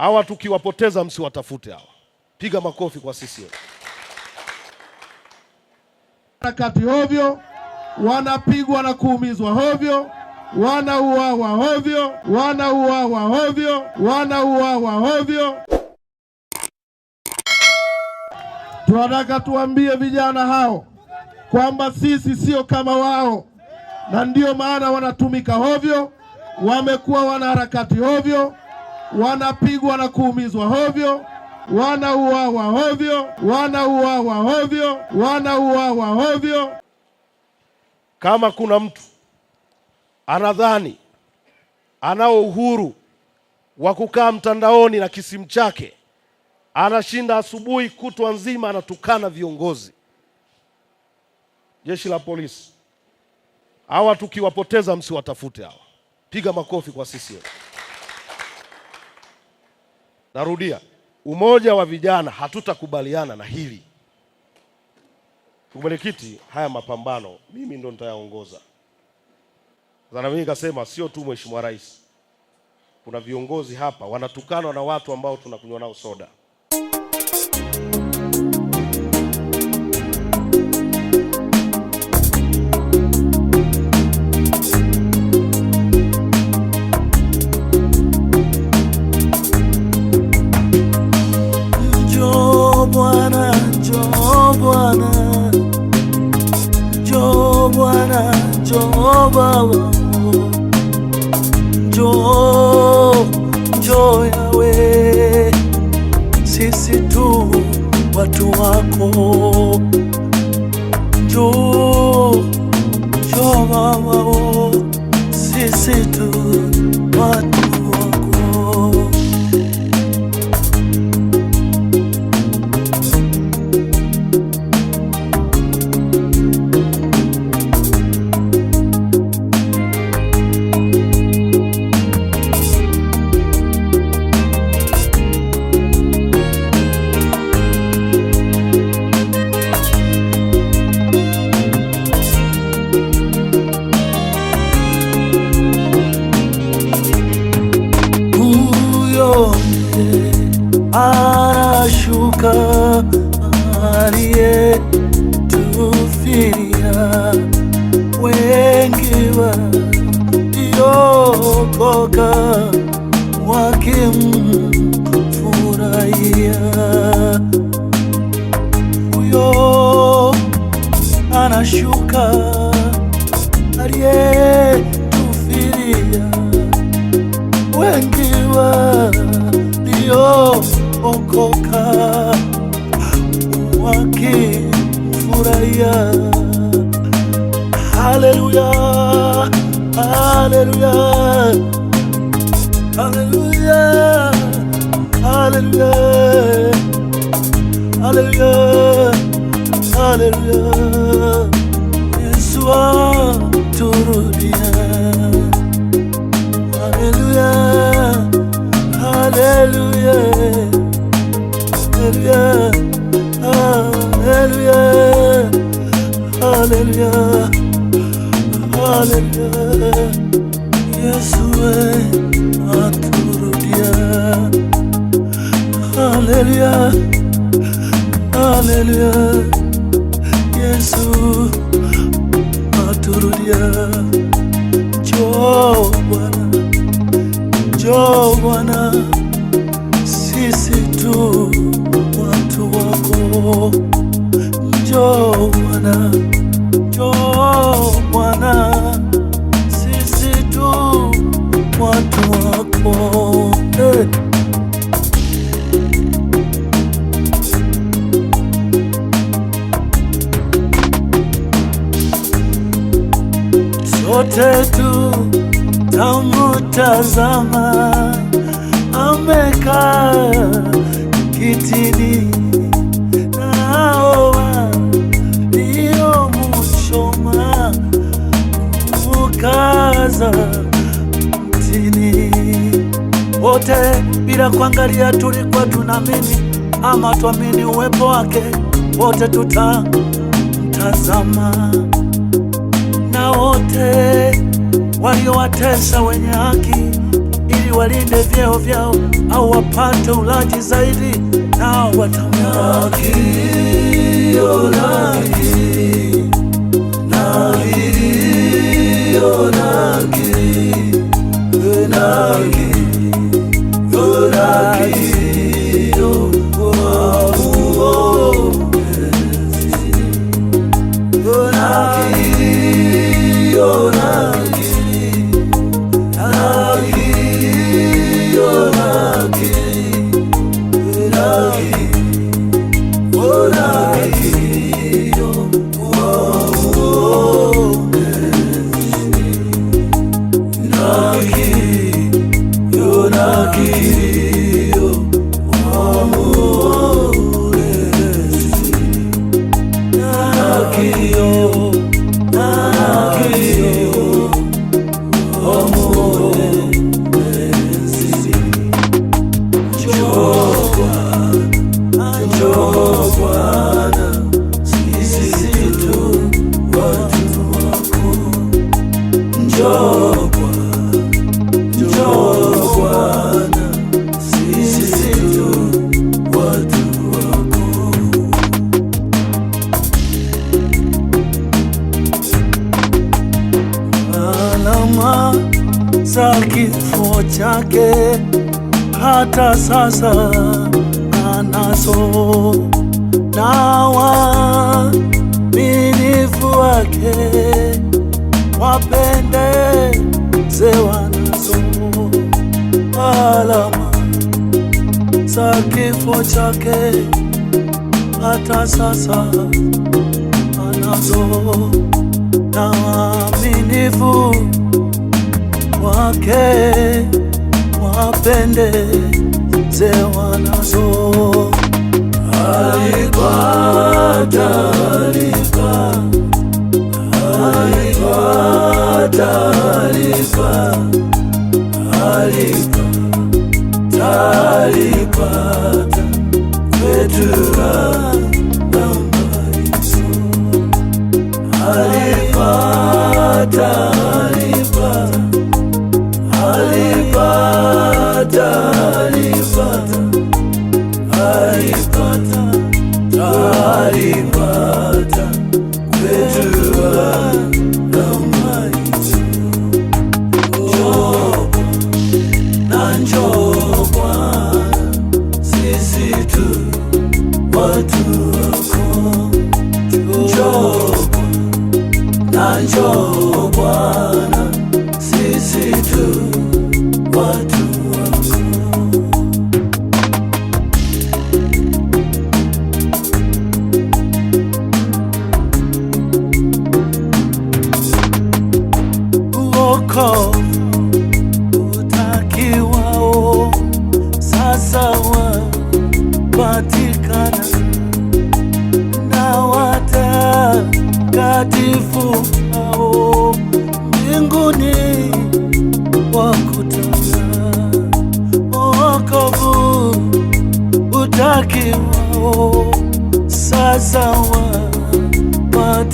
hawa tukiwapoteza, msiwatafute hawa. Piga makofi kwa wote. Harakati hovyo, wanapigwa na kuumizwa hovyo, wanauawa hovyo, wanauawa hovyo, wanauawa hovyo. Tunataka tuambie vijana hao kwamba sisi sio kama wao, na ndio maana wanatumika hovyo, wamekuwa wanaharakati hovyo wanapigwa na kuumizwa hovyo, wanauawa hovyo, wanauawa hovyo, wanauawa hovyo. Kama kuna mtu anadhani anao uhuru wa kukaa mtandaoni na kisimu chake, anashinda asubuhi kutwa nzima anatukana viongozi, jeshi la polisi, hawa tukiwapoteza msiwatafute hawa. Piga makofi kwa CCM. Narudia, umoja wa vijana hatutakubaliana na hili. Mwenyekiti, haya mapambano mimi ndo nitayaongoza. Sasa mimi nikasema sio tu mheshimiwa rais, kuna viongozi hapa wanatukanwa na watu ambao tunakunywa nao soda. njoo Baba, njoo njoo Yawe, sisi tu watu wako njoo wakichoka wakimfurahia huyo anashuka aliyetufilia, wengi waliookoka wakimfurahia. Haleluya, haleluya Hallelujah, hallelujah, hallelujah, hallelujah. Yeshua turbiya. Hallelujah, hallelujah, hallelujah, hallelujah, hallelujah, hallelujah. Yeshua. Eh. Haleluya, haleluya, Yesu aturudia. Jo Bwana, Jo Bwana wote tu tamutazama, amekaa kitini naoa mushoma mukaza mtini. Wote bila kuangalia tulikuwa tunamini ama twamini uwepo wake, wote tutamtazama kuwatesa wenye haki ili walinde vyeo vyao au wapate ulaji zaidi, nao watamlaki. you. yake hata sasa anaso na waaminifu wake wapendeze wanazo alama za kifo chake hata sasa anazo na waaminifu wake wapendezewa nazo. Haikuwa taarifa mtakatifu ao mbinguni wakutana wokovu utakiwao sasa wa